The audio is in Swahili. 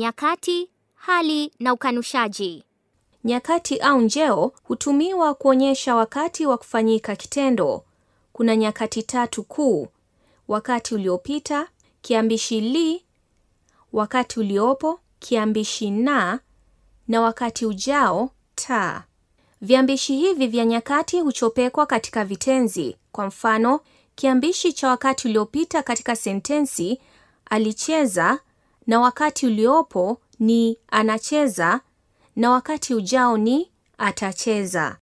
nyakati, hali na ukanushaji. Nyakati au njeo hutumiwa kuonyesha wakati wa kufanyika kitendo. Kuna nyakati tatu kuu: wakati uliopita, kiambishi li, wakati uliopo, kiambishi na, na wakati ujao, ta. Viambishi hivi vya nyakati huchopekwa katika vitenzi. Kwa mfano, kiambishi cha wakati uliopita katika sentensi alicheza na wakati uliopo ni anacheza na wakati ujao ni atacheza.